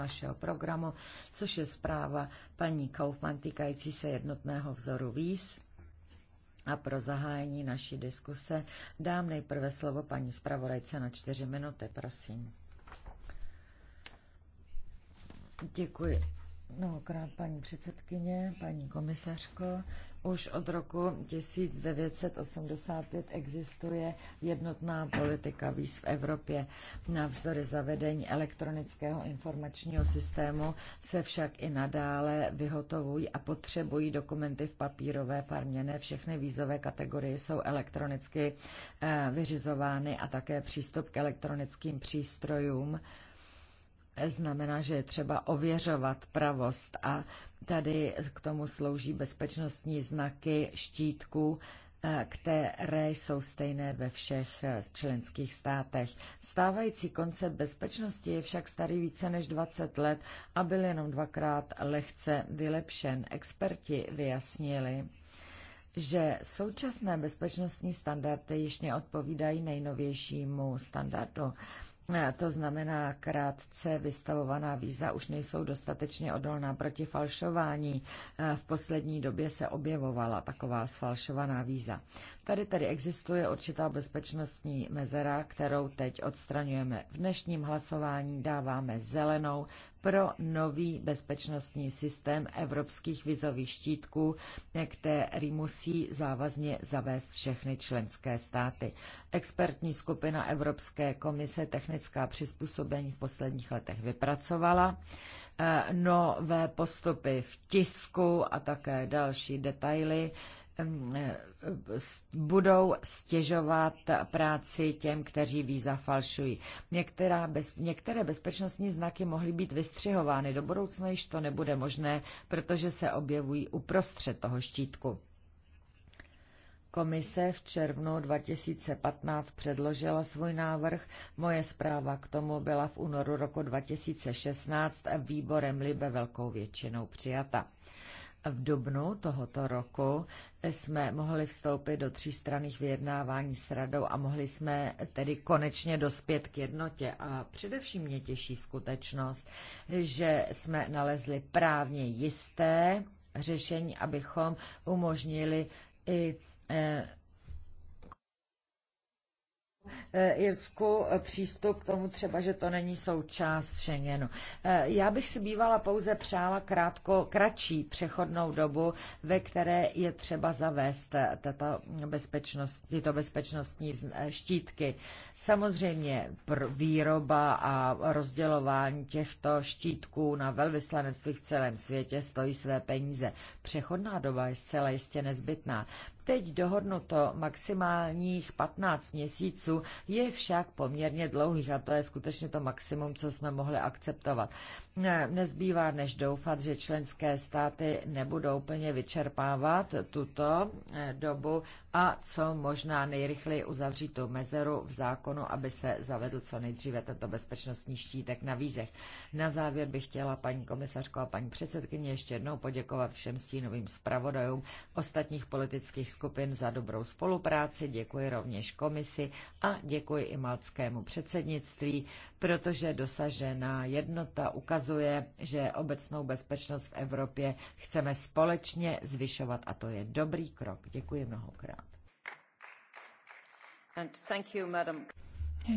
našeho programu, což je zpráva paní Kaufmann týkající se jednotného vzoru víz. A pro zahájení naší diskuse dám nejprve slovo paní zpravodajce na čtyři minuty, prosím. Děkuji mnohokrát, paní předsedkyně, paní komisařko. Už od roku 1985 existuje jednotná politika víz v Evropě. Navzdory zavedení elektronického informačního systému se však i nadále vyhotovují a potřebují dokumenty v papírové farmě. Ne všechny vízové kategorie jsou elektronicky eh, vyřizovány a také přístup k elektronickým přístrojům znamená, že je třeba ověřovat pravost a tady k tomu slouží bezpečnostní znaky štítků, eh, které jsou stejné ve všech eh, členských státech. Stávající koncept bezpečnosti je však starý více než 20 let a byl jenom dvakrát lehce vylepšen. Experti vyjasnili, že současné bezpečnostní standardy již neodpovídají nejnovějšímu standardu. To znamená, krátce vystavovaná víza už nejsou dostatečně odolná proti falšování. E, v poslední době se objevovala taková sfalšovaná víza. Tady tedy existuje určitá bezpečnostní mezera, kterou teď odstraňujeme. V dnešním hlasování dáváme zelenou pro nový bezpečnostní systém evropských vizových štítků, který musí závazně zavést všechny členské státy. Expertní skupina Evropské komise technická přizpůsobení v posledních letech vypracovala eh, nové postupy v tisku a také další detaily budou stěžovat práci těm, kteří víza falšují. Některá bez, některé bezpečnostní znaky mohly být vystřihovány. Do budoucna již to nebude možné, protože se objevují uprostřed toho štítku. Komise v červnu 2015 předložila svůj návrh, moje zpráva k tomu byla v únoru roku 2016 výborem Libe velkou většinou přijata. V dubnu tohoto roku jsme mohli vstoupit do třístranných vyjednávání s radou a mohli jsme tedy konečně dospět k jednotě. A především mě těší skutečnost, že jsme nalezli právně jisté řešení, abychom umožnili i eh, Eh, Irsku eh, přístup k tomu třeba, že to není součást Schengenu. Eh, já bych si bývala pouze přála krátko, kratší přechodnou dobu, ve které je třeba zavést tato bezpečnost, tyto bezpečnostní štítky. Samozřejmě výroba a rozdělování těchto štítků na velvyslanectví v celém světě stojí své peníze. Přechodná doba je zcela jistě nezbytná. Teď dohodnuto maximálních 15 měsíců je však poměrně dlouhých a to je skutečně to maximum, co jsme mohli akceptovat. Ne, nezbývá než doufat, že členské státy nebudou plně vyčerpávat tuto eh, dobu a co možná nejrychleji uzavřít tu mezeru v zákonu, aby se zavedl co nejdříve tento bezpečnostní štítek na vízech. Na závěr bych chtěla paní komisařko a paní předsedkyně ještě jednou poděkovat všem stínovým zpravodajům ostatních politických skupin za dobrou spolupráci, děkuji rovněž komisi a děkuji i malckému předsednictví protože dosažená jednota ukazuje, že obecnou bezpečnost v Evropě chceme společně zvyšovat a to je dobrý krok. Děkuji mnohokrát. And thank you, madam.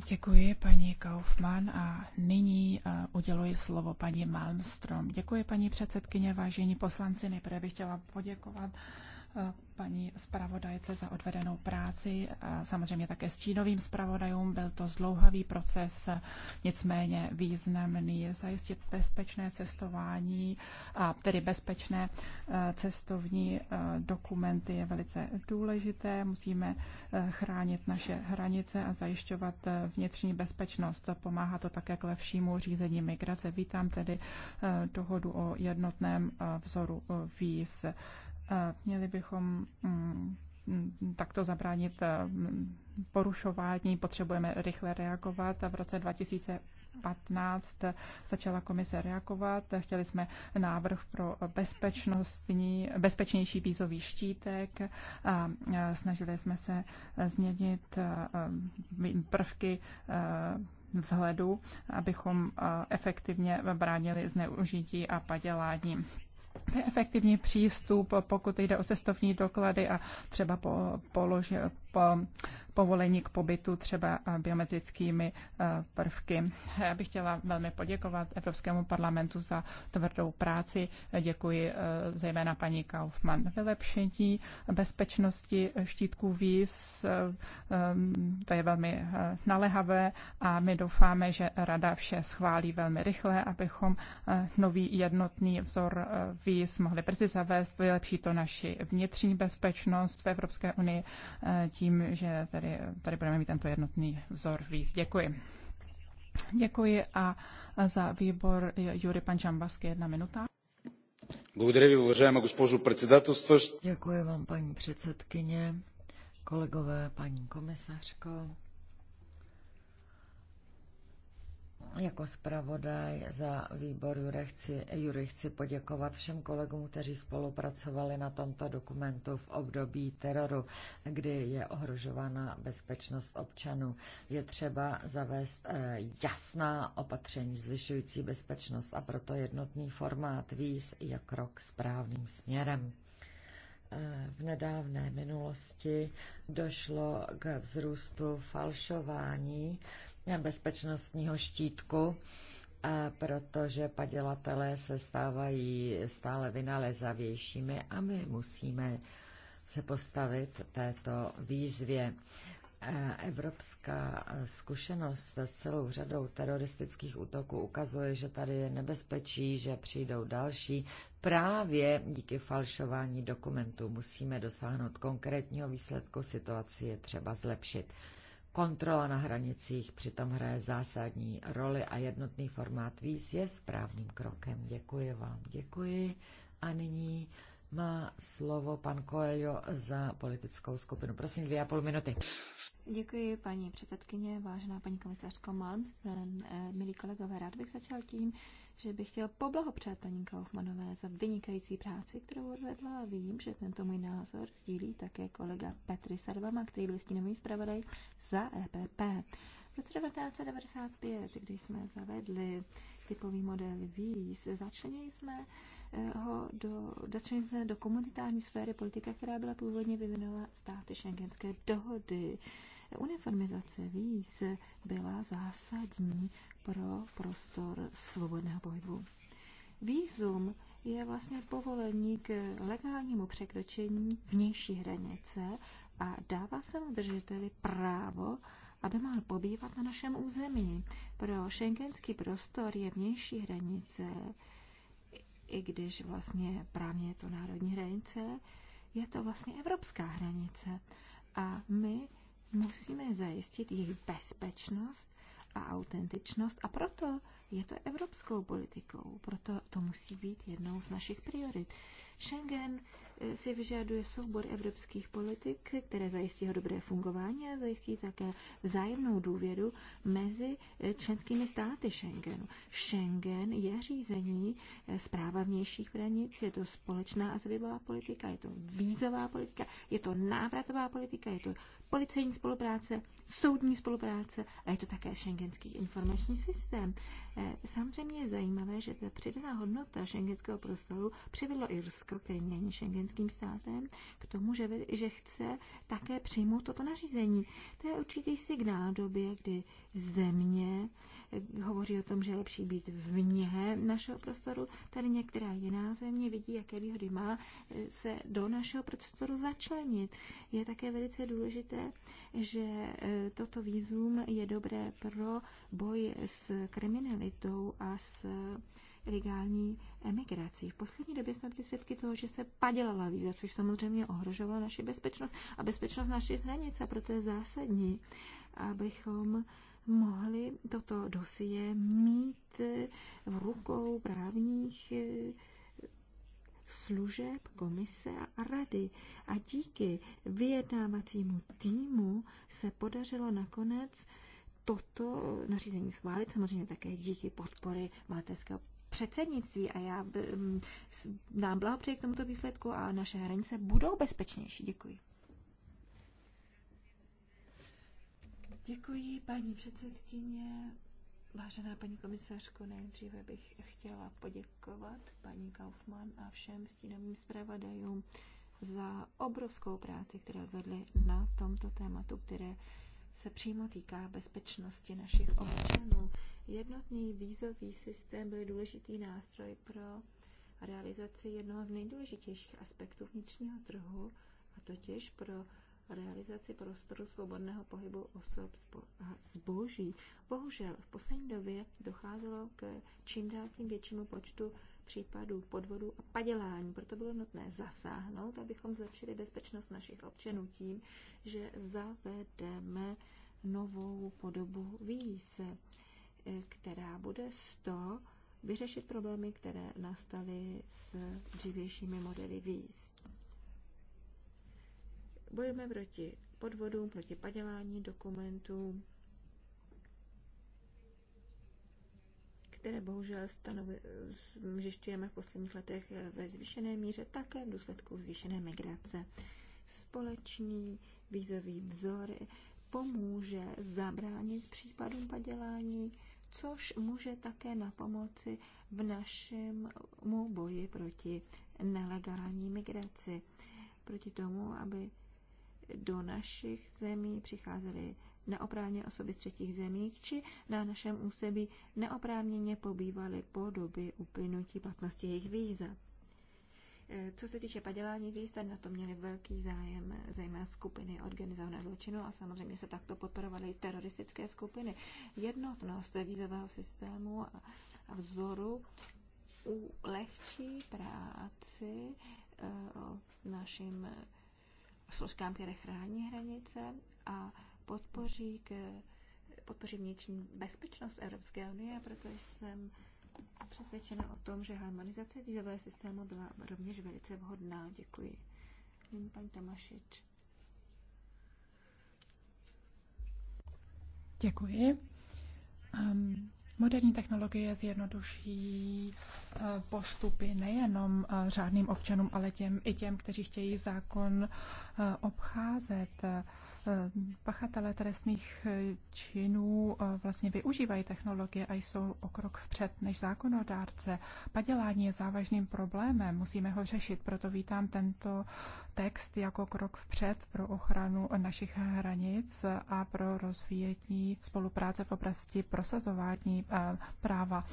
Děkuji, paní Kaufmann. A nyní eh, uděluji slovo paní Malmström. Děkuji, paní předsedkyně, vážení poslanci. Nejprve bych chtěla poděkovat paní zpravodajce za odvedenou práci a samozřejmě také stínovým zpravodajům. Byl to zdlouhavý proces, nicméně významný je zajistit bezpečné cestování a tedy bezpečné eh, cestovní eh, dokumenty je velice důležité. Musíme eh, chránit naše hranice a zajišťovat vnitřní bezpečnost. Pomáhá to také k lepšímu řízení migrace. Vítám tedy dohodu o jednotném vzoru víz. Měli bychom mm, takto zabránit eh, porušování, potřebujeme rychle reagovat a v roce 2000 15 začala komise reagovat. Chtěli jsme návrh pro bezpečnostní, bezpečnější vízový štítek a snažili jsme se změnit eh, eh, prvky vzhledu, abychom efektivně bránili zneužití a padělání efektivní přístup, pokud jde o cestovní doklady a třeba po, polož, povolení k pobytu třeba eh, biometrickými eh, prvky. Já bych chtěla velmi poděkovat Evropskému parlamentu za tvrdou práci. Děkuji eh, zejména paní Kaufmann. Vylepšení bezpečnosti štítků víz, to je velmi nalehavé a my doufáme, že Rada vše schválí velmi rychle, abychom nový jednotný vzor víz mohli brzy zavést. Vylepší to naši vnitřní bezpečnost v Evropské unii tím, že tady, tady budeme mít tento jednotný vzor víc. Děkuji. Děkuji a za výbor Jury Pančambasky jedna minuta. Děkuji vám, paní předsedkyně, kolegové, paní komisařko. Jako zpravodaj za výbor Jury chci, Jury chci poděkovat všem kolegům, kteří spolupracovali na tomto dokumentu v období teroru, kdy je ohrožována bezpečnost občanů. Je třeba zavést eh, jasná opatření zvyšující bezpečnost a proto jednotný formát víz je krok správným směrem eh, v nedávné minulosti došlo k vzrůstu falšování bezpečnostního štítku, protože padělatelé se stávají stále vynalezavějšími a my musíme se postavit této výzvě. Evropská zkušenost s celou řadou teroristických útoků ukazuje, že tady je nebezpečí, že přijdou další. Právě díky falšování dokumentů musíme dosáhnout konkrétního výsledku, situaci je třeba zlepšit. Kontrola na hranicích přitom hraje zásadní roli a jednotný formát víz je správným krokem. Děkuji vám, děkuji. A nyní má slovo pan Coelho za politickou skupinu. Prosím, dvě a půl minuty. Děkuji, paní předsedkyně, vážená paní komisařko Malmström, eh, milí kolegové. Rád bych začal tím, že bych chtěl poblahopřát paní Kaufmanové za vynikající práci, kterou odvedla a vím, že tento můj názor sdílí také kolega Petry Sarvama, který byl stínovým zpravodaj za EPP. V roce 1995, když jsme zavedli typový model VIS, začlenili jsme eh, ho do, začali jsme do komunitární sféry politika, která byla původně vyvinula státy šengenské dohody. Uniformizace víz byla zásadní pro prostor svobodného pohybu. Výzum je vlastně povolení k legálnímu překročení vnější hranice a dává svému držiteli právo, aby mohl pobývat na našem území. Pro šengenský prostor je vnější hranice, i když vlastně právně je to národní hranice, je to vlastně evropská hranice. A my musíme zajistit jejich bezpečnost a autentičnost a proto je to evropskou politikou, proto to musí být jednou z našich priorit. Schengen eh, si vyžaduje soubor evropských politik, které zajistí jeho dobré fungování a zajistí také vzájemnou důvěru mezi eh, členskými státy Schengenu. Schengen je řízení eh, zpráva vnějších hranic, je to společná azylová politika, je to vízová politika, je to návratová politika, je to policejní spolupráce, soudní spolupráce a je to také schengenský informační systém. Eh, samozřejmě je zajímavé, že ta přidaná hodnota šengenského prostoru přivedlo Irsko, který není šengenským státem, k tomu, že, že chce také přijmout toto nařízení. To je určitý signál době, kdy země hovoří o tom, že je lepší být vně našeho prostoru. Tady některá jiná země vidí, jaké výhody má eh, se do našeho prostoru začlenit. Je také velice důležité, že eh, toto výzum je dobré pro boj s kriminalitou a s legální emigrací. V poslední době jsme byli svědky toho, že se padělala víza, což samozřejmě ohrožovalo naši bezpečnost a bezpečnost našich hranic a proto je zásadní, abychom mohli toto dosie mít v rukou právních eh, služeb, komise a rady. A díky vyjednávacímu týmu se podařilo nakonec toto nařízení schválit, samozřejmě také díky podpory malteského předsednictví a já dám mm, blahopřeji k tomuto výsledku a naše hranice budou bezpečnější. Děkuji. Děkuji, paní předsedkyně. Vážená paní komisařko, nejdříve bych chtěla poděkovat paní Kaufmann a všem stínovým zpravodajům za obrovskou práci, které vedli na tomto tématu, které se přímo týká bezpečnosti našich občanů. Jednotný vízový systém byl důležitý nástroj pro realizaci jednoho z nejdůležitějších aspektů vnitřního trhu, a totiž pro realizaci prostoru svobodného pohybu osob a zboží. Bohužel v poslední době docházelo k čím dál tím většímu počtu případů podvodů a padělání. Proto bylo nutné zasáhnout, abychom zlepšili bezpečnost našich občanů tím, že zavedeme novou podobu víz, eh, která bude 100 vyřešit problémy, které nastaly s dřívějšími modely víz. Bojujeme proti podvodům, proti padělání dokumentů, které bohužel stanovi, zjišťujeme v posledních letech ve zvýšené míře také v důsledku zvýšené migrace. Společný vízový vzor pomůže zabránit případům padělání, což může také na pomoci v našem boji proti nelegální migraci. Proti tomu, aby do našich zemí přicházely neoprávně osoby z třetích zemí, či na našem úsebí neoprávněně pobývaly po doby uplynutí platnosti jejich víza. E, co se týče padělání víz, na to měli velký zájem, zejména skupiny organizovaného zločinu a samozřejmě se takto podporovaly teroristické skupiny. Jednotnost vízového systému a vzoru ulehčí práci e, našim složkám, které chrání hranice a podpoří, k, podpoří vnitřní bezpečnost Evropské unie, protože jsem přesvědčena o tom, že harmonizace vízového systému byla rovněž velice vhodná. Děkuji. Nyní paní Tomašič. Děkuji. Um, moderní technologie zjednoduší postupy nejenom eh, řádným občanům, ale těm, i těm, kteří chtějí zákon eh, obcházet. Eh, Pachatele trestných činů vlastně využívají technologie a jsou o krok vpřed než zákonodárce. Padělání je závažným problémem, musíme ho řešit, proto vítám tento text jako krok vpřed pro ochranu našich hranic a pro rozvíjení spolupráce v oblasti prosazování práva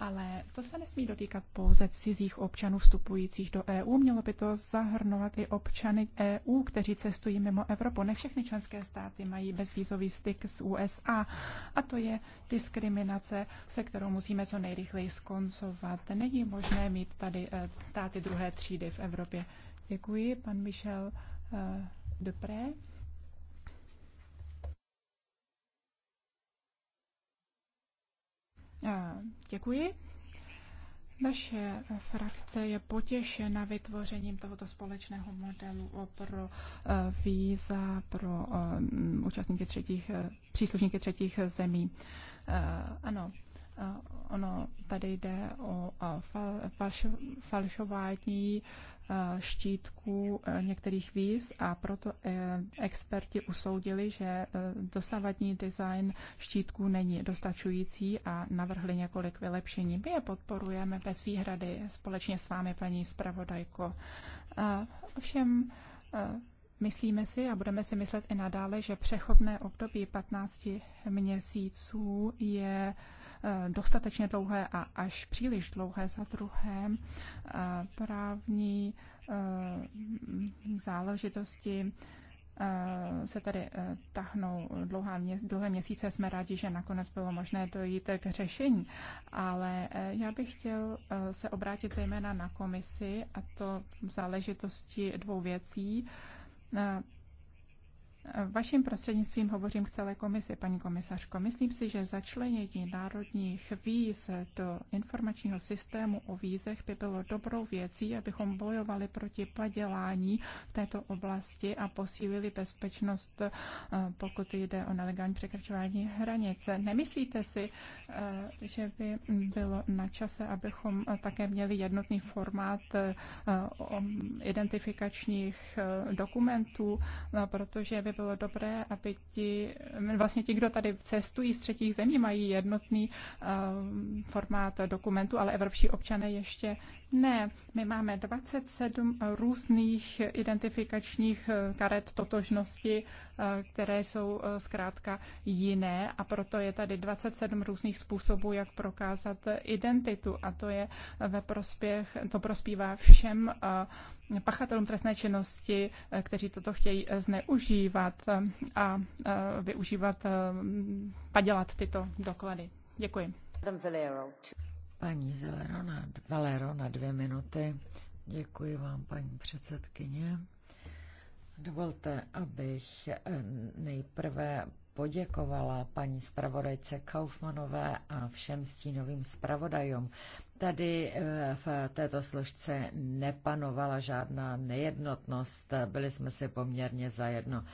ale to se nesmí dotýkat pouze cizích občanů vstupujících do EU. Mělo by to zahrnovat i občany EU, kteří cestují mimo Evropu. Ne všechny členské státy mají bezvízový styk s USA a to je diskriminace, se kterou musíme co nejrychleji skoncovat. Není možné mít tady e, státy druhé třídy v Evropě. Děkuji, pan Michel e, Dupré. Eh, děkuji. Naše frakce je potěšena vytvořením tohoto společného modelu pro eh, víza pro eh, účastníky třetích, příslušníky třetích zemí. Ano, ono tady jde o falšování Eh, štítků eh, některých víz a proto eh, experti usoudili, že dosavadní design štítků není dostačující a navrhli několik vylepšení. My je podporujeme bez výhrady společně s vámi, paní zpravodajko. Ovšem, Myslíme si a budeme si myslet i nadále, že přechodné období 15 měsíců je Eh, dostatečně dlouhé a až příliš dlouhé za druhé eh, právní eh, záležitosti se tady tahnou dlouhá mě, dlouhé měsíce. Jsme rádi, že nakonec bylo možné dojít k řešení. Ale já bych chtěl se obrátit zejména na komisi a to v záležitosti dvou věcí. Vaším prostřednictvím hovořím k celé komisi, paní komisařko. Myslím si, že začlenění národních víz do informačního systému o vízech by bylo dobrou věcí, abychom bojovali proti padělání v této oblasti a posílili bezpečnost, eh, pokud jde o nelegální překračování hranice. Nemyslíte si, eh, že by bylo na čase, abychom eh, také měli jednotný formát identifikačních dokumentů, protože by bylo dobré, aby ti, vlastně ti, kdo tady cestují z třetích zemí, mají jednotný uh, formát dokumentu, ale evropští občané ještě ne, my máme 27 různých identifikačních eh, karet totožnosti, eh, které jsou eh, zkrátka jiné a proto je tady 27 různých způsobů, jak prokázat identitu a to je ve prospěch, to prospívá všem pachatelům trestné činnosti, kteří toto chtějí zneužívat a využívat, padělat tyto doklady. Děkuji. Paní Zelerona, Valero na dvě minuty. Děkuji vám, paní předsedkyně. Dovolte, abych eh, nejprve poděkovala paní zpravodajce Kaufmanové a všem stínovým zpravodajům. Tady eh, v této složce nepanovala žádná nejednotnost, byli jsme si poměrně zajedno.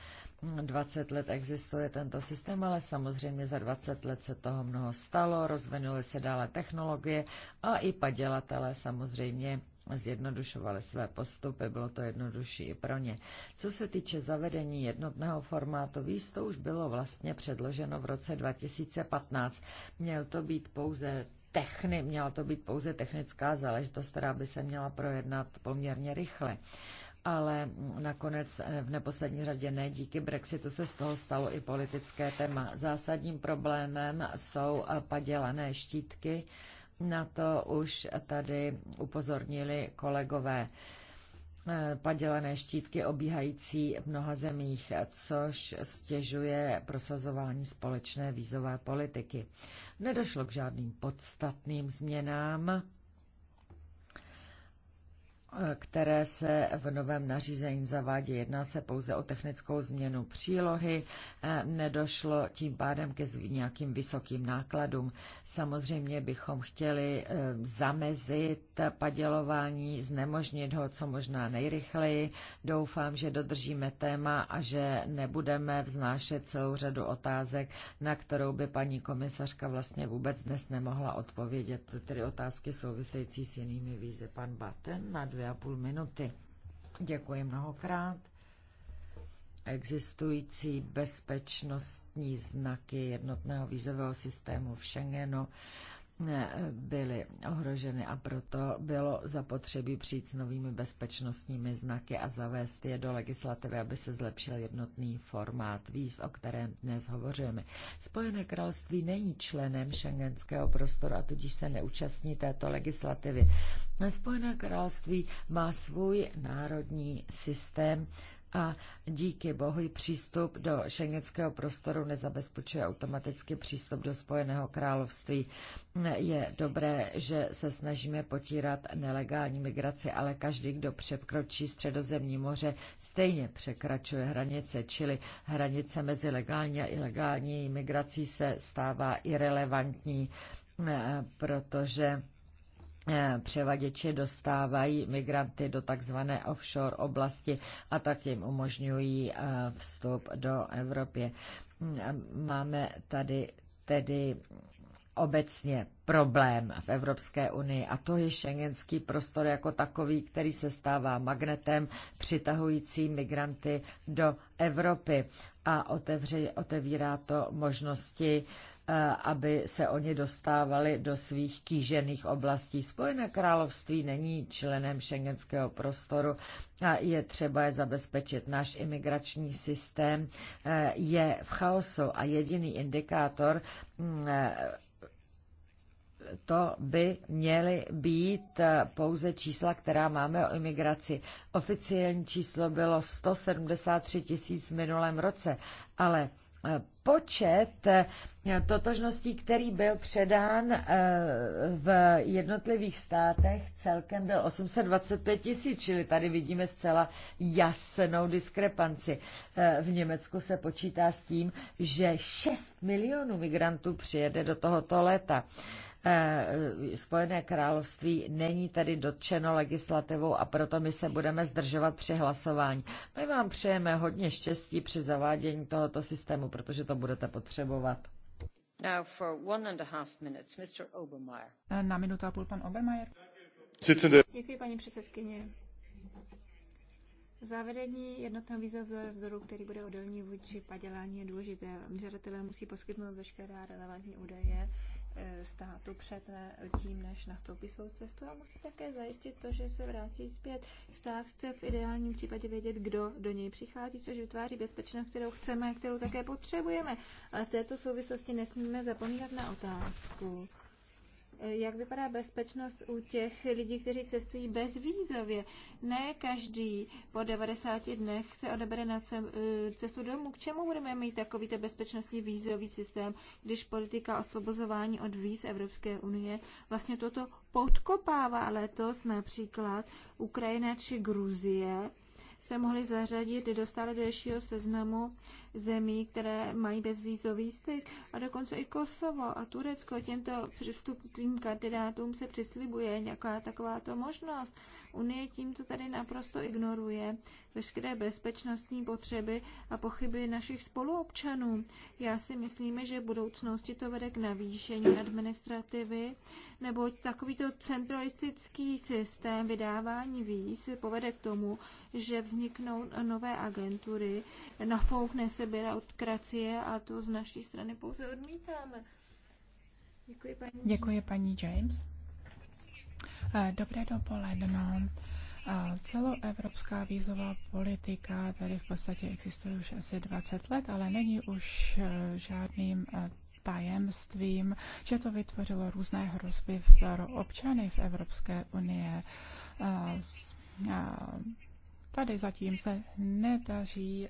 20 let existuje tento systém, ale samozřejmě za 20 let se toho mnoho stalo, rozvinuly se dále technologie a i padělatelé samozřejmě zjednodušovali své postupy, bylo to jednodušší i pro ně. Co se týče zavedení jednotného formátu víz, to už bylo vlastně předloženo v roce 2015. Měl to být pouze techni, měla to být pouze technická záležitost, která by se měla projednat poměrně rychle ale nakonec v neposlední řadě ne. Díky Brexitu se z toho stalo i politické téma. Zásadním problémem jsou padělané štítky. Na to už tady upozornili kolegové padělané štítky obíhající v mnoha zemích, což stěžuje prosazování společné vízové politiky. Nedošlo k žádným podstatným změnám které se v novém nařízení zavádí. Jedná se pouze o technickou změnu přílohy, eh, nedošlo tím pádem ke nějakým vysokým nákladům. Samozřejmě bychom chtěli eh, zamezit padělování, znemožnit ho co možná nejrychleji. Doufám, že dodržíme téma a že nebudeme vznášet celou řadu otázek, na kterou by paní komisařka vlastně vůbec dnes nemohla odpovědět, tedy otázky související s jinými výzvy. Pan Baten na dvě dvě a půl minuty. Děkuji mnohokrát. Existující bezpečnostní znaky jednotného vízového systému v Schengenu byly ohroženy a proto bylo zapotřebí přijít s novými bezpečnostními znaky a zavést je do legislativy, aby se zlepšil jednotný formát víz, o kterém dnes hovoříme. Spojené království není členem šengenského prostoru a tudíž se neúčastní této legislativy. Spojené království má svůj národní systém a díky bohu přístup do šengenského prostoru nezabezpečuje automaticky přístup do Spojeného království. Je dobré, že se snažíme potírat nelegální migraci, ale každý, kdo překročí středozemní moře, stejně překračuje hranice, čili hranice mezi legální a ilegální migrací se stává irrelevantní, eh, protože Eh, převaděči dostávají migranty do takzvané offshore oblasti a tak jim umožňují eh, vstup do Evropy. Mm, máme tady tedy obecně problém v Evropské unii a to je šengenský prostor jako takový, který se stává magnetem přitahující migranty do Evropy a otevře, otevírá to možnosti Eh, aby se oni dostávali do svých kýžených oblastí. Spojené království není členem šengenského prostoru a je třeba je zabezpečit. Náš imigrační systém eh, je v chaosu a jediný indikátor mm, eh, to by měly být pouze čísla, která máme o imigraci. Oficiální číslo bylo 173 tisíc v minulém roce, ale počet eh, totožností, který byl předán eh, v jednotlivých státech, celkem byl 825 tisíc, čili tady vidíme zcela jasnou diskrepanci. Eh, v Německu se počítá s tím, že 6 milionů migrantů přijede do tohoto léta. Eh, Spojené království není tedy dotčeno legislativou a proto my se budeme zdržovat při hlasování. My vám přejeme hodně štěstí při zavádění tohoto systému, protože to budete potřebovat. Now for one and a half minutes, Mr. Obermeier. Eh, na minutu a půl pan Obermeier. Děkuji, paní předsedkyně. Zavedení jednotného vízového vzoru, který bude odolný vůči padělání, je důležité. Žadatelé musí poskytnout veškerá relevantní údaje Eh, státu před tím, než nastoupí svou cestu a musí také zajistit to, že se vrátí zpět. Stát chce v ideálním případě vědět, kdo do něj přichází, což vytváří bezpečnost, kterou chceme, kterou také potřebujeme. Ale v této souvislosti nesmíme zapomínat na otázku, jak vypadá bezpečnost u těch lidí, kteří cestují bezvízově. Ne každý po 90 dnech se odebere na e, cestu domů. K čemu budeme mít takovýto bezpečnostní vízový systém, když politika osvobozování od víz Evropské unie vlastně toto podkopává letos například Ukrajina či Gruzie se mohly zařadit do stále dalšího seznamu zemí, které mají bezvýzový styk. A dokonce i Kosovo a Turecko těmto vstupním kandidátům se přislibuje nějaká takováto možnost. Unie tímto tady naprosto ignoruje veškeré bezpečnostní potřeby a pochyby našich spoluobčanů. Já si myslím, že v budoucnosti to vede k navýšení administrativy, nebo takovýto centralistický systém vydávání víz povede k tomu, že vzniknou nové agentury, nafoukne se byrokracie a to z naší strany pouze odmítáme. Děkuji paní, Děkuji, paní James. Eh, dobré dopoledne. Eh, celoevropská vízová politika tady v podstatě existuje už asi 20 let, ale není už eh, žádným tajemstvím, že to vytvořilo různé hrozby pro občany v Evropské unie. Tady zatím se nedaří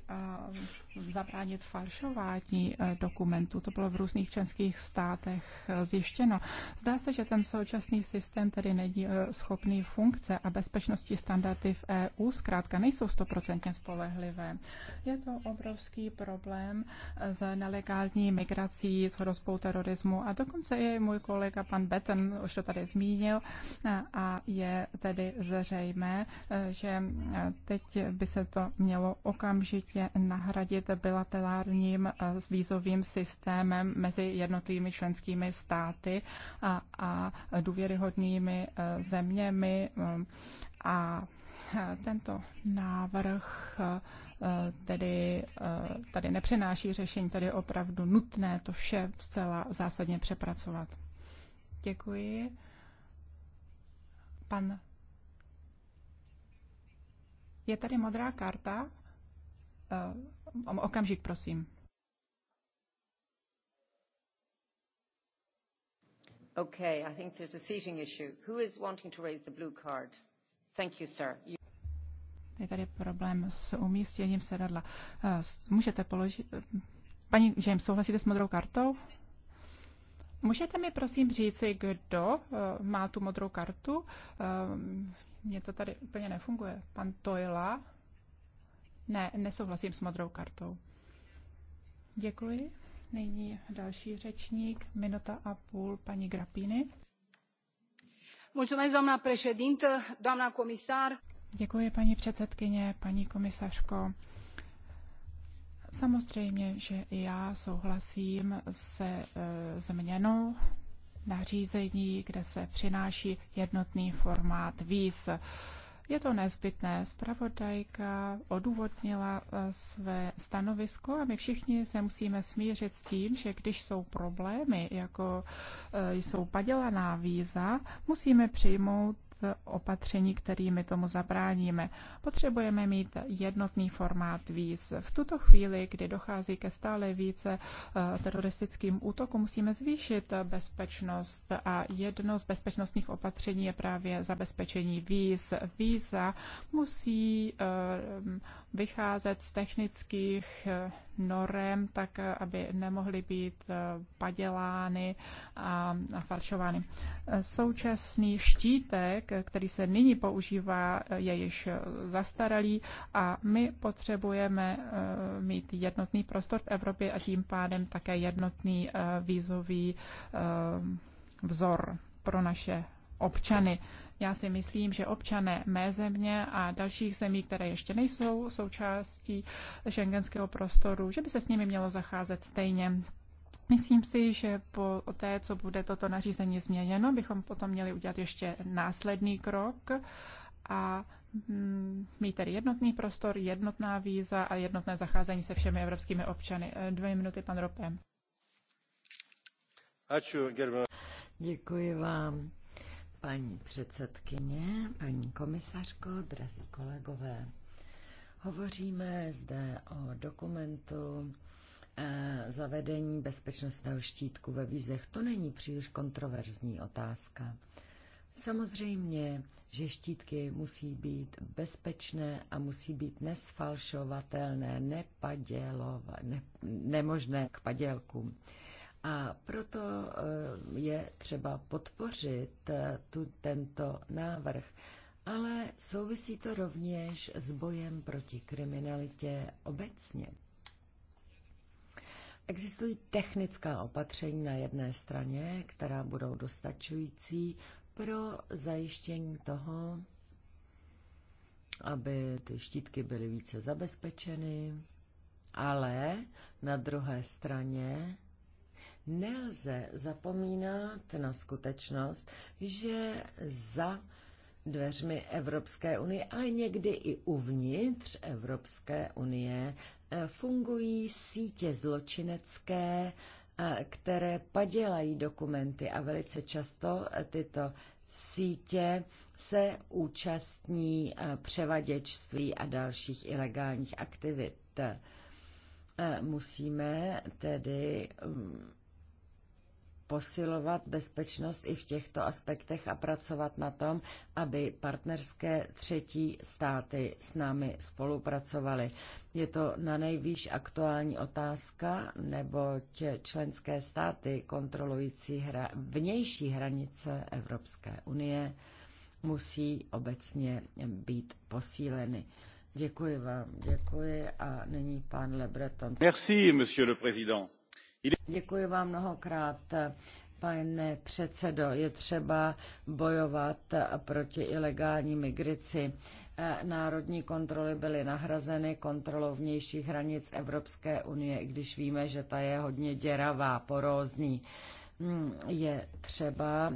zabránit falšování eh, dokumentů. To bylo v různých členských státech eh, zjištěno. Zdá se, že ten současný systém tedy není eh, schopný funkce a bezpečnostní standardy v EU zkrátka nejsou stoprocentně spolehlivé. Je to obrovský problém s nelegální migrací, s hrozbou terorismu a dokonce i můj kolega pan Betten už to tady zmínil a je tedy zřejmé, že teď by se to mělo okamžitě nahradit zajistit bilaterálním eh, vízovým systémem mezi jednotlivými členskými státy a, a důvěryhodnými eh, zeměmi. Eh, a tento návrh tedy tady nepřináší řešení, tady je opravdu nutné to vše zcela zásadně přepracovat. Děkuji. Pan. Je tady modrá karta? Eh, okamžik, prosím. Okay, I think there's a seating issue. Who is wanting to raise the blue card? Thank you, sir. You... Je tady problém s umístěním sedadla. Eh, můžete položit... Paní James, souhlasíte s modrou kartou? Můžete mi prosím říci, kdo eh, má tu modrou kartu? Mně to tady úplně nefunguje. Pan Toila? Ne, nesouhlasím s modrou kartou. Děkuji. Nyní další řečník, minuta a půl, paní Grapíny. Mulțumesc, doamna președintă, doamna comisar. Děkuji, paní předsedkyně, paní komisařko. Samozřejmě, že i já souhlasím se e, změnou nařízení, kde se přináší jednotný formát víz. Je to nezbytné. Spravodajka odůvodnila eh, své stanovisko a my všichni se musíme smířit s tím, že když jsou problémy, jako eh, jsou padělaná víza, musíme přijmout opatření, kterými tomu zabráníme. Potřebujeme mít jednotný formát víz. V tuto chvíli, kdy dochází ke stále více eh, teroristickým útokům, musíme zvýšit bezpečnost a jedno z bezpečnostních opatření je právě zabezpečení víz. Víza musí eh, vycházet z technických eh, norem, tak eh, aby nemohly být eh, padělány a, falšovány. Současný štítek, který se nyní používá, je již zastaralý a my potřebujeme mít jednotný prostor v Evropě a tím pádem také jednotný vízový vzor pro naše občany. Já si myslím, že občané mé země a dalších zemí, které ještě nejsou součástí šengenského prostoru, že by se s nimi mělo zacházet stejně. Myslím si, že po té, co bude toto nařízení změněno, bychom potom měli udělat ještě následný krok a mm, mít tedy jednotný prostor, jednotná víza a jednotné zacházení se všemi evropskými občany. Eh, dvě minuty, pan Ropem. Děkuji vám. Paní předsedkyně, paní komisařko, drazí kolegové, hovoříme zde o dokumentu eh, zavedení bezpečnostného štítku ve vízech. To není příliš kontroverzní otázka. Samozřejmě, že štítky musí být bezpečné a musí být nesfalšovatelné, nepadělova, ne, nemožné k padělkům. A proto eh, je třeba podpořit eh, tu, tento návrh. Ale souvisí to rovněž s bojem proti kriminalitě obecně. Existují technická opatření na jedné straně, která budou dostačující pro zajištění toho, aby ty štítky byly více zabezpečeny, ale na druhé straně Nelze zapomínat na skutečnost, že za dveřmi Evropské unie, ale někdy i uvnitř Evropské unie eh, fungují sítě zločinecké, eh, které padělají dokumenty a velice často eh, tyto sítě se účastní převaděčství a dalších ilegálních aktivit. Musíme tedy mm, posilovat bezpečnost i v těchto aspektech a pracovat na tom, aby partnerské třetí státy s námi spolupracovaly. Je to na nejvýš aktuální otázka, neboť členské státy kontrolující hra, vnější hranice Evropské unie musí obecně být posíleny. Děkuji vám, děkuji a nyní pan Lebreton. Merci, monsieur le président. Děkuji vám mnohokrát. Pane předsedo, je třeba bojovat proti ilegální migraci. Národní kontroly byly nahrazeny kontrolou vnějších hranic Evropské unie, i když víme, že ta je hodně děravá, porózní. Je třeba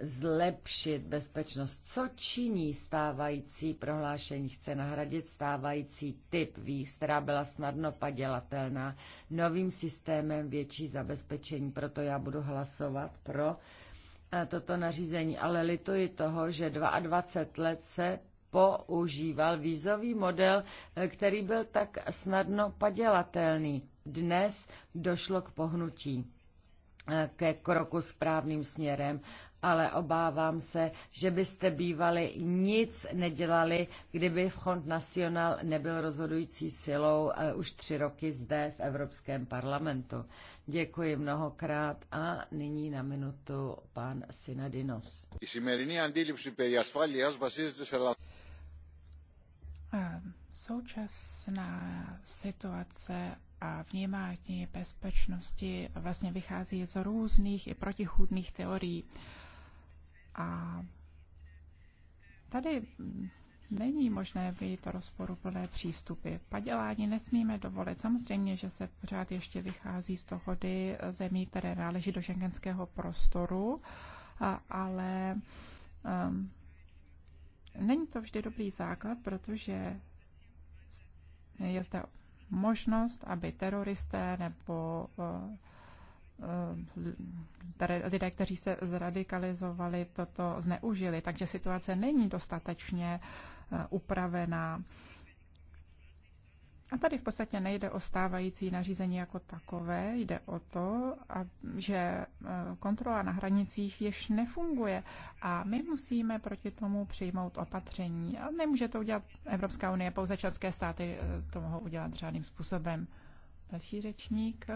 zlepšit bezpečnost. Co činí stávající prohlášení? Chce nahradit stávající typ víz, která byla snadno padělatelná, novým systémem větší zabezpečení. Proto já budu hlasovat pro eh, toto nařízení. Ale lituji toho, že 22 let se používal vízový model, eh, který byl tak snadno padělatelný. Dnes došlo k pohnutí. Eh, ke kroku správným směrem, ale obávám se, že byste bývali nic nedělali, kdyby Front National nebyl rozhodující silou eh, už tři roky zde v Evropském parlamentu. Děkuji mnohokrát a nyní na minutu pan Sinadinos. Um. Současná situace a vnímání bezpečnosti vlastně vychází z různých i protichůdných teorií. A tady není možné vyjít rozporuplné přístupy. Padělání nesmíme dovolit. Samozřejmě, že se pořád ještě vychází z dohody zemí, které náleží do šengenského prostoru, a, ale um, není to vždy dobrý základ, protože je zde možnost, aby teroristé nebo eh, eh, tady lidé, kteří se zradikalizovali, toto zneužili. Takže situace není dostatečně eh, upravená. A tady v podstatě nejde o stávající nařízení jako takové, jde o to, a, že e, kontrola na hranicích již nefunguje a my musíme proti tomu přijmout opatření. A nemůže to udělat Evropská unie, pouze členské státy e, to mohou udělat řádným způsobem. Další řečník.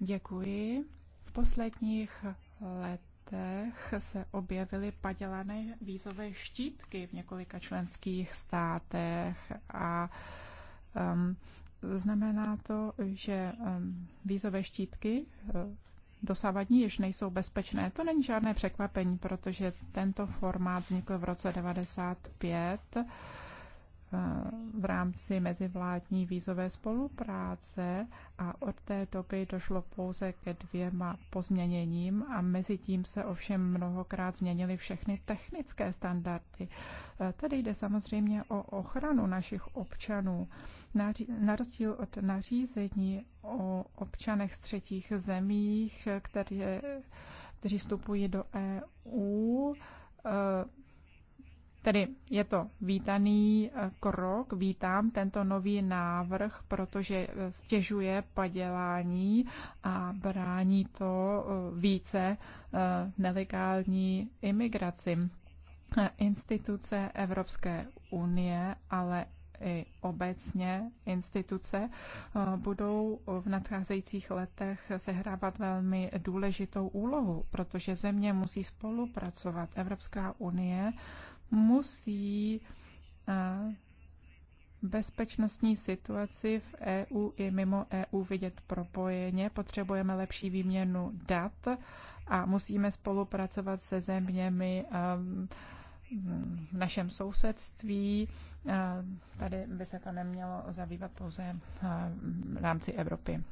Děkuji. V posledních let letech se objevily padělané vízové štítky v několika členských státech a um, znamená to, že um, vízové štítky um, dosavadní již nejsou bezpečné. To není žádné překvapení, protože tento formát vznikl v roce 95 v rámci mezivládní vízové spolupráce a od té doby došlo pouze ke dvěma pozměněním a mezi tím se ovšem mnohokrát změnily všechny technické standardy. Tady jde samozřejmě o ochranu našich občanů. Na rozdíl od nařízení o občanech z třetích zemích, které, kteří vstupují do EU, Tedy je to vítaný eh, krok, vítám tento nový návrh, protože eh, stěžuje padělání a brání to eh, více nelegální imigraci. Instituce Evropské unie, ale i obecně instituce budou v nadcházejících letech sehrávat velmi důležitou úlohu, protože země musí spolupracovat. Evropská unie musí eh, bezpečnostní situaci v EU i mimo EU vidět propojeně. Potřebujeme lepší výměnu dat a musíme spolupracovat se zeměmi eh, v našem sousedství. Eh, tady by se to nemělo zabývat pouze v rámci Evropy.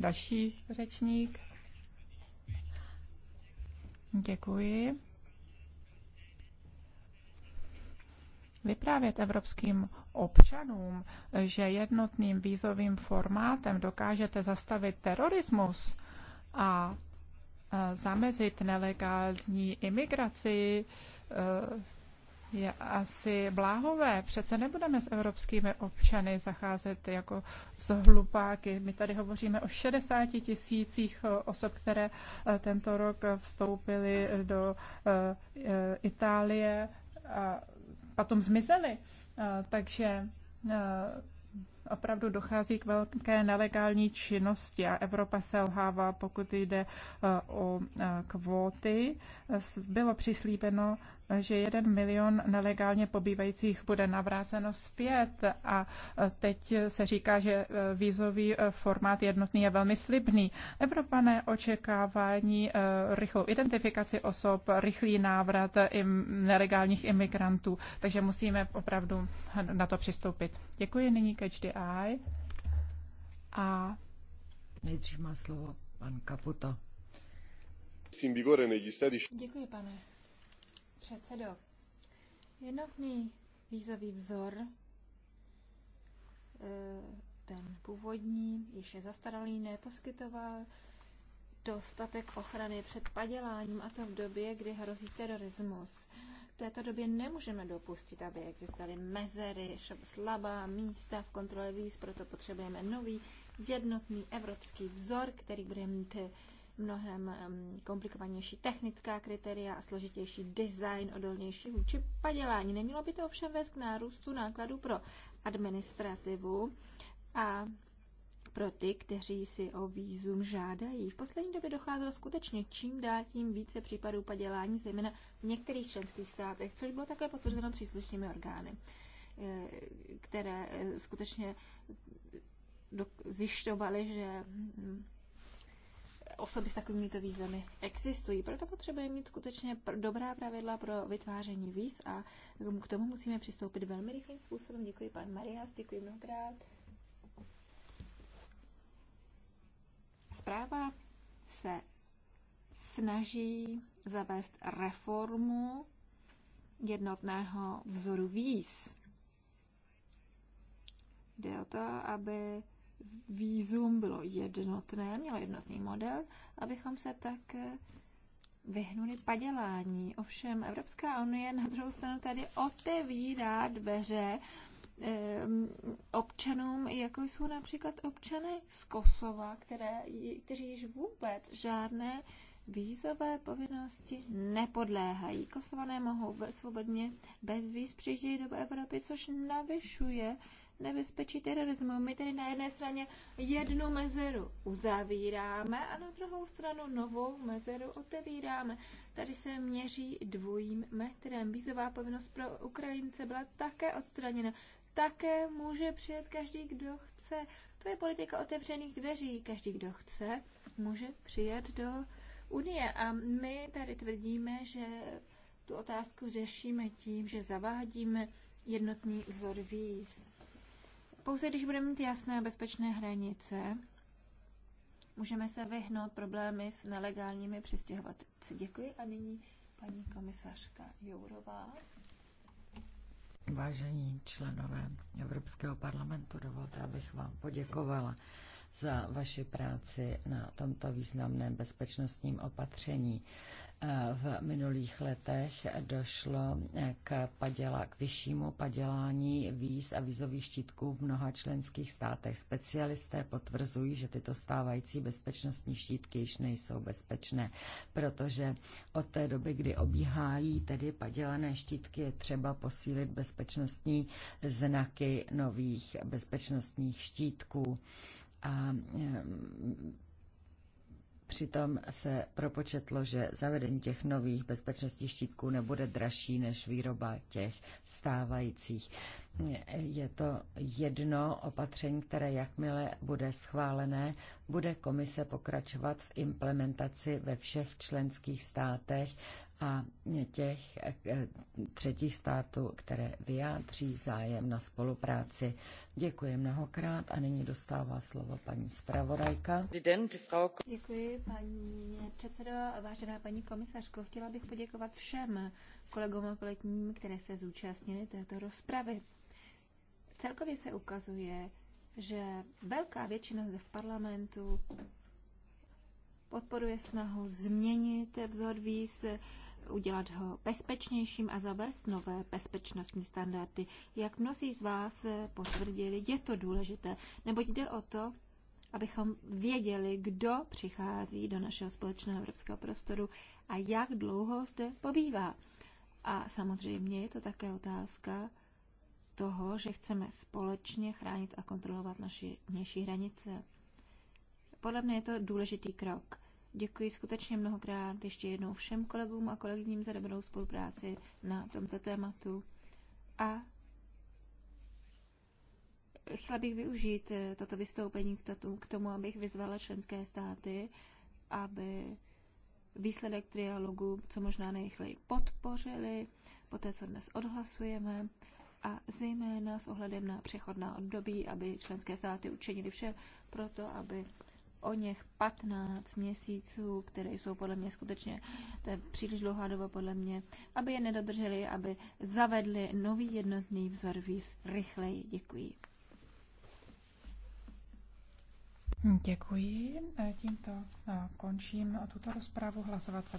Další řečník. Děkuji. Vyprávět evropským občanům, že jednotným výzovým formátem dokážete zastavit terorismus a e, zamezit nelegální imigraci, e, je asi bláhové. Přece nebudeme s evropskými občany zacházet jako s hlupáky. My tady hovoříme o 60 tisících e, osob, které tento rok vstoupily do Itálie a potom zmizely. Eh, takže eh, opravdu dochází k velké nelegální činnosti a Evropa selhává, pokud jde eh, o kvóty. Bylo přislíbeno, že jeden milion nelegálně pobývajících bude navráceno zpět a e, teď se říká, že e, vízový e, formát jednotný je velmi slibný. Evropané očekávání rychlou identifikaci osob, rychlý návrat im, nelegálních imigrantů, takže musíme opravdu na to přistoupit. Děkuji nyní ke HDI a nejdřív má slovo pan Kaputo. Děkuji, pane předsedo. Jednotný vízový vzor, e, ten původní, již je zastaralý, neposkytoval dostatek ochrany před paděláním a to v době, kdy hrozí terorismus. V této době nemůžeme dopustit, aby existovaly mezery, slabá místa v kontrole víz, proto potřebujeme nový jednotný evropský vzor, který bude mít mnohem komplikovanější technická kritéria a složitější design, odolnější vůči padělání. Nemělo by to ovšem vést k nárůstu nákladů pro administrativu a pro ty, kteří si o výzum žádají. V poslední době docházelo skutečně čím dál tím více případů padělání, zejména v některých členských státech, což bylo také potvrzeno příslušnými orgány, eh, které eh, skutečně zjišťovaly, že hm, osoby s takovýmito vízemi existují. Proto potřebujeme mít skutečně dobrá pravidla pro vytváření víz a k tomu musíme přistoupit velmi rychlým způsobem. Děkuji pan Marias, děkuji mnohokrát. Zpráva se snaží zavést reformu jednotného vzoru víz. Jde o to, aby výzum bylo jednotné, mělo jednotný model, abychom se tak vyhnuli padělání. Ovšem Evropská unie na druhou stranu tady otevírá dveře občanům, jako jsou například občany z Kosova, které, kteří již vůbec žádné vízové povinnosti nepodléhají. Kosované mohou svobodně bez víz přijíždět do Evropy, což navyšuje nebezpečí terorismu. My tedy na jedné straně jednu mezeru uzavíráme a na druhou stranu novou mezeru otevíráme. Tady se měří dvojím metrem. Vízová povinnost pro Ukrajince byla také odstraněna. Také může přijet každý, kdo chce. To je politika otevřených dveří. Každý, kdo chce, může přijet do Unie. A my tady tvrdíme, že tu otázku řešíme tím, že zavádíme jednotný vzor víz. Pouze když budeme mít jasné a bezpečné hranice, můžeme se vyhnout problémy s nelegálními přistěhovatci. Děkuji a nyní paní komisařka Jourová. Vážení členové Evropského parlamentu, dovolte, abych vám poděkovala za vaši práci na tomto významném bezpečnostním opatření v minulých letech došlo k, paděla, k vyššímu padělání víz a vízových štítků v mnoha členských státech. Specialisté potvrzují, že tyto stávající bezpečnostní štítky již nejsou bezpečné, protože od té doby, kdy obíhají tedy padělané štítky, je třeba posílit bezpečnostní znaky nových bezpečnostních štítků. A Přitom se propočetlo, že zavedení těch nových bezpečnostních štítků nebude dražší než výroba těch stávajících. Je to jedno opatření, které jakmile bude schválené, bude komise pokračovat v implementaci ve všech členských státech a těch eh, třetích států, které vyjádří zájem na spolupráci. Děkuji mnohokrát a nyní dostává slovo paní zpravodajka. Děkuji, paní předsedo a vážená paní komisařko. Chtěla bych poděkovat všem kolegům a kolegům, které se zúčastnili této rozpravy. Celkově se ukazuje, že velká většina zde v parlamentu podporuje snahu změnit vzor víz udělat ho bezpečnějším a zavést nové bezpečnostní standardy. Jak mnozí z vás potvrdili, je to důležité, neboť jde o to, abychom věděli, kdo přichází do našeho společného evropského prostoru a jak dlouho zde pobývá. A samozřejmě je to také otázka toho, že chceme společně chránit a kontrolovat naši vnější hranice. Podle mě je to důležitý krok. Děkuji skutečně mnohokrát ještě jednou všem kolegům a kolegyním za dobrou spolupráci na tomto tématu. A chtěla bych využít eh, toto vystoupení k tomu, abych vyzvala členské státy, aby výsledek trialogu co možná nejrychleji podpořili, po té, co dnes odhlasujeme, a zejména s ohledem na přechodná období, aby členské státy učinili vše pro to, aby o něch 15 měsíců, které jsou podle mě skutečně, to je příliš dlouhá doba podle mě, aby je nedodrželi, aby zavedli nový jednotný vzor víc rychleji. Děkuji. Děkuji. Tímto končím tuto rozpravu. Hlasovat se bude.